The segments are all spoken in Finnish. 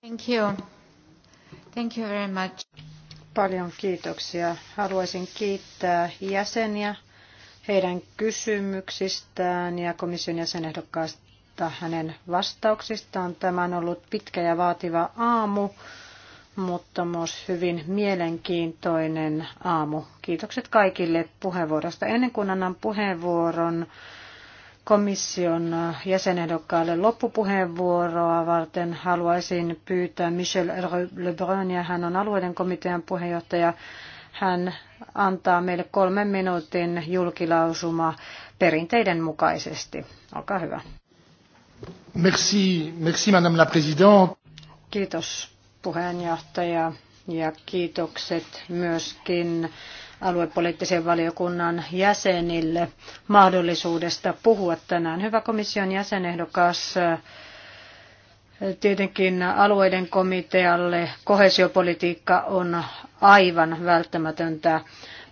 Thank you. Thank you very much. Paljon kiitoksia. Haluaisin kiittää jäseniä heidän kysymyksistään ja komission jäsenehdokkaasta hänen vastauksistaan. Tämä on ollut pitkä ja vaativa aamu, mutta myös hyvin mielenkiintoinen aamu. Kiitokset kaikille puheenvuorosta. Ennen kuin annan puheenvuoron komission jäsenehdokkaalle loppupuheenvuoroa varten haluaisin pyytää Michel Lebrunia. Hän on alueiden komitean puheenjohtaja. Hän antaa meille kolmen minuutin julkilausuma perinteiden mukaisesti. Olkaa hyvä. Merci, merci madame la présidente. Kiitos puheenjohtaja ja kiitokset myöskin aluepoliittisen valiokunnan jäsenille mahdollisuudesta puhua tänään. Hyvä komission jäsenehdokas, tietenkin alueiden komitealle kohesiopolitiikka on aivan välttämätöntä.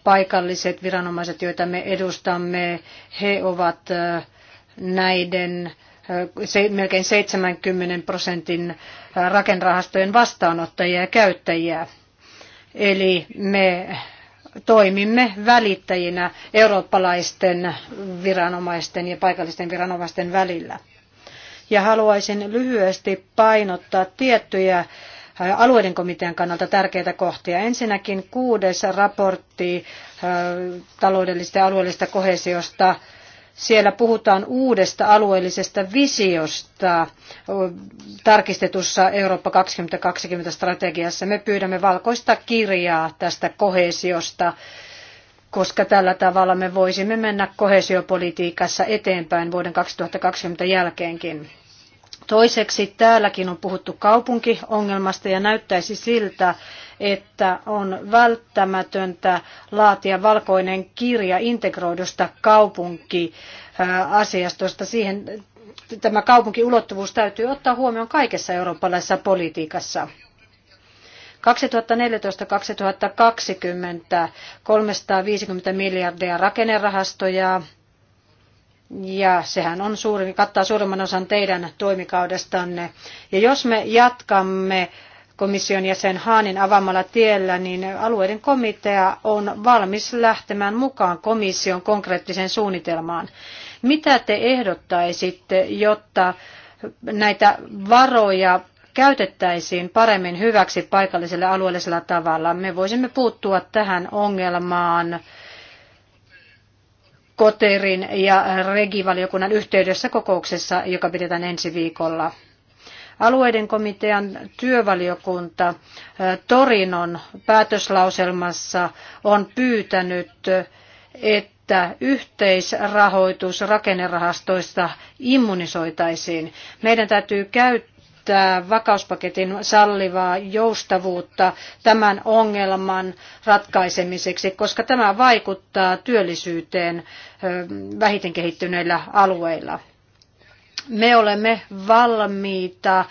Paikalliset viranomaiset, joita me edustamme, he ovat näiden melkein 70 prosentin rakenrahastojen vastaanottajia ja käyttäjiä. Eli me toimimme välittäjinä eurooppalaisten viranomaisten ja paikallisten viranomaisten välillä. Ja haluaisin lyhyesti painottaa tiettyjä äh, alueiden komitean kannalta tärkeitä kohtia. Ensinnäkin kuudes raportti äh, taloudellisesta ja alueellisesta kohesiosta siellä puhutaan uudesta alueellisesta visiosta tarkistetussa Eurooppa 2020 strategiassa. Me pyydämme valkoista kirjaa tästä kohesiosta koska tällä tavalla me voisimme mennä koheesiopolitiikassa eteenpäin vuoden 2020 jälkeenkin. Toiseksi täälläkin on puhuttu kaupunkiongelmasta ja näyttäisi siltä, että on välttämätöntä laatia valkoinen kirja integroidusta kaupunkiasiastosta. Siihen tämä kaupunkiulottuvuus täytyy ottaa huomioon kaikessa eurooppalaisessa politiikassa. 2014-2020 350 miljardia rakennerahastoja, ja sehän on suuri, kattaa suurimman osan teidän toimikaudestanne. Ja jos me jatkamme komission jäsen Haanin avaamalla tiellä, niin alueiden komitea on valmis lähtemään mukaan komission konkreettiseen suunnitelmaan. Mitä te ehdottaisitte, jotta näitä varoja käytettäisiin paremmin hyväksi paikallisella alueellisella tavalla? Me voisimme puuttua tähän ongelmaan Koterin ja Regivaliokunnan yhteydessä kokouksessa, joka pidetään ensi viikolla. Alueiden komitean työvaliokunta Torinon päätöslauselmassa on pyytänyt, että yhteisrahoitus rakennerahastoista immunisoitaisiin. Meidän täytyy käyttää käyttää vakauspaketin sallivaa joustavuutta tämän ongelman ratkaisemiseksi, koska tämä vaikuttaa työllisyyteen vähiten kehittyneillä alueilla. Me olemme valmiita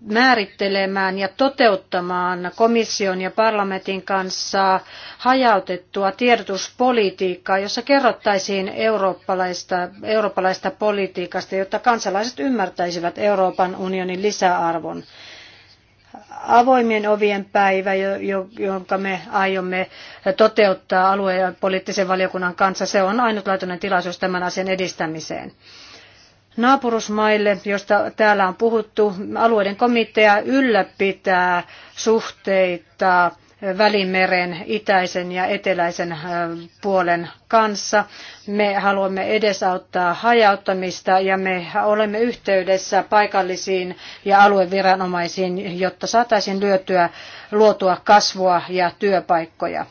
määrittelemään ja toteuttamaan komission ja parlamentin kanssa hajautettua tiedotuspolitiikkaa, jossa kerrottaisiin eurooppalaista, eurooppalaista politiikasta, jotta kansalaiset ymmärtäisivät Euroopan unionin lisäarvon avoimien ovien päivä, jonka me aiomme toteuttaa alue- ja poliittisen valiokunnan kanssa. Se on ainutlaatuinen tilaisuus tämän asian edistämiseen naapurusmaille, josta täällä on puhuttu. Alueiden komitea ylläpitää suhteita Välimeren itäisen ja eteläisen äh, puolen kanssa. Me haluamme edesauttaa hajauttamista ja me olemme yhteydessä paikallisiin ja alueviranomaisiin, jotta saataisiin lyötyä luotua kasvua ja työpaikkoja.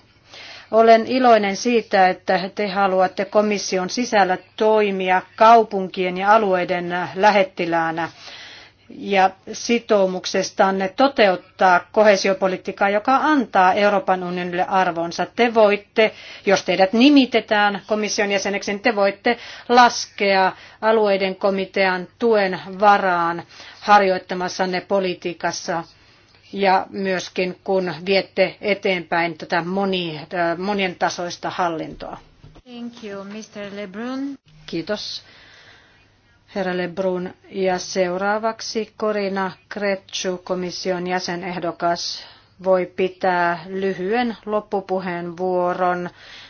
Olen iloinen siitä, että te haluatte komission sisällä toimia kaupunkien ja alueiden lähettiläänä ja sitoumuksestanne toteuttaa kohesiopolitiikkaa, joka antaa Euroopan unionille arvonsa. Te voitte, jos teidät nimitetään komission jäseneksi, niin te voitte laskea alueiden komitean tuen varaan harjoittamassanne politiikassa ja myöskin kun viette eteenpäin tätä moni, äh, monien tasoista hallintoa. Thank you, Mr. Lebrun. Kiitos, herra Lebrun. Ja seuraavaksi Korina Kretsu, komission jäsenehdokas, voi pitää lyhyen loppupuheenvuoron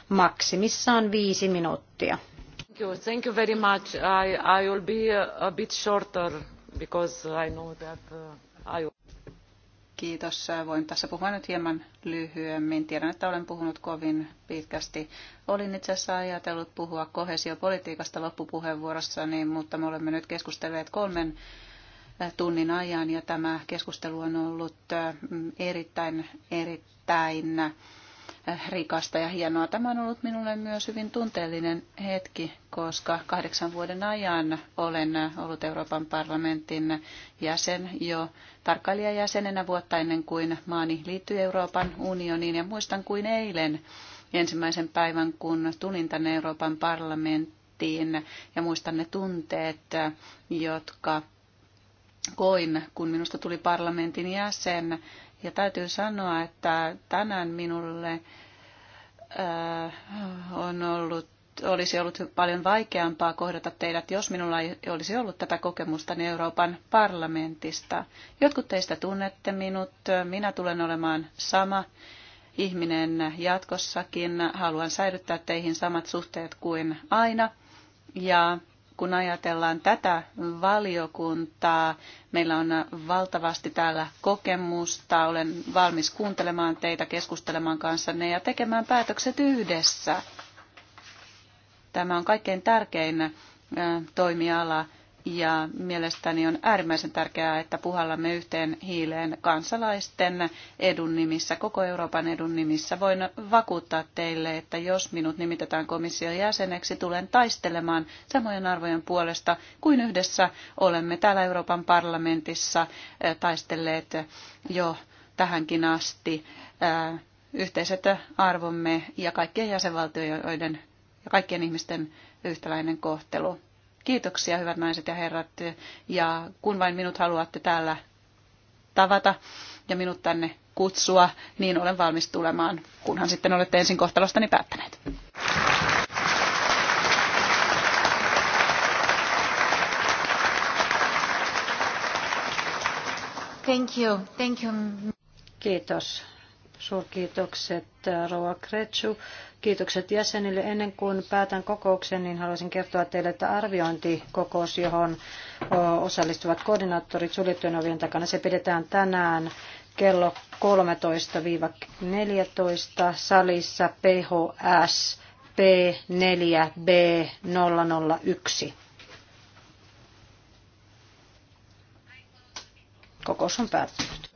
maksimissaan viisi minuuttia. Thank you, Thank you very much. I, I will be a, a bit shorter because I know that uh, I Kiitos. Voin tässä puhua nyt hieman lyhyemmin. Tiedän, että olen puhunut kovin pitkästi. Olin itse asiassa ajatellut puhua kohesiopolitiikasta loppupuheenvuorossani, mutta me olemme nyt keskustelleet kolmen eh, tunnin ajan ja tämä keskustelu on ollut eh, erittäin, erittäin Äh, rikasta ja hienoa. Tämä on ollut minulle myös hyvin tunteellinen hetki, koska kahdeksan vuoden ajan olen ollut Euroopan parlamentin jäsen jo tarkkailijajäsenenä vuotta ennen kuin maani liittyi Euroopan unioniin. Ja muistan kuin eilen ensimmäisen päivän, kun tulin tänne Euroopan parlamenttiin ja muistan ne tunteet, jotka koin, kun minusta tuli parlamentin jäsen. Ja täytyy sanoa, että tänään minulle äh, on ollut, olisi ollut paljon vaikeampaa kohdata teidät, jos minulla ei olisi ollut tätä kokemusta niin Euroopan parlamentista. Jotkut teistä tunnette minut, minä tulen olemaan sama ihminen jatkossakin. Haluan säilyttää teihin samat suhteet kuin aina. Ja kun ajatellaan tätä valiokuntaa, meillä on valtavasti täällä kokemusta. Olen valmis kuuntelemaan teitä, keskustelemaan kanssanne ja tekemään päätökset yhdessä. Tämä on kaikkein tärkein toimiala ja mielestäni on äärimmäisen tärkeää, että puhallamme yhteen hiileen kansalaisten edun nimissä, koko Euroopan edun nimissä. Voin vakuuttaa teille, että jos minut nimitetään komission jäseneksi, tulen taistelemaan samojen arvojen puolesta kuin yhdessä olemme täällä Euroopan parlamentissa taistelleet jo tähänkin asti yhteiset arvomme ja kaikkien jäsenvaltioiden ja kaikkien ihmisten yhtäläinen kohtelu. Kiitoksia, hyvät naiset ja herrat. Ja kun vain minut haluatte täällä tavata ja minut tänne kutsua, niin olen valmis tulemaan, kunhan sitten olette ensin kohtalostani päättäneet. Thank you. Thank you. Kiitos Suurkiitokset äh, Roa Kretsu. Kiitokset jäsenille. Ennen kuin päätän kokouksen, niin haluaisin kertoa teille, että arviointikokous, johon osallistuvat koordinaattorit suljettujen ovien takana, se pidetään tänään kello 13-14 salissa PHS P4B001. Kokous on päättynyt.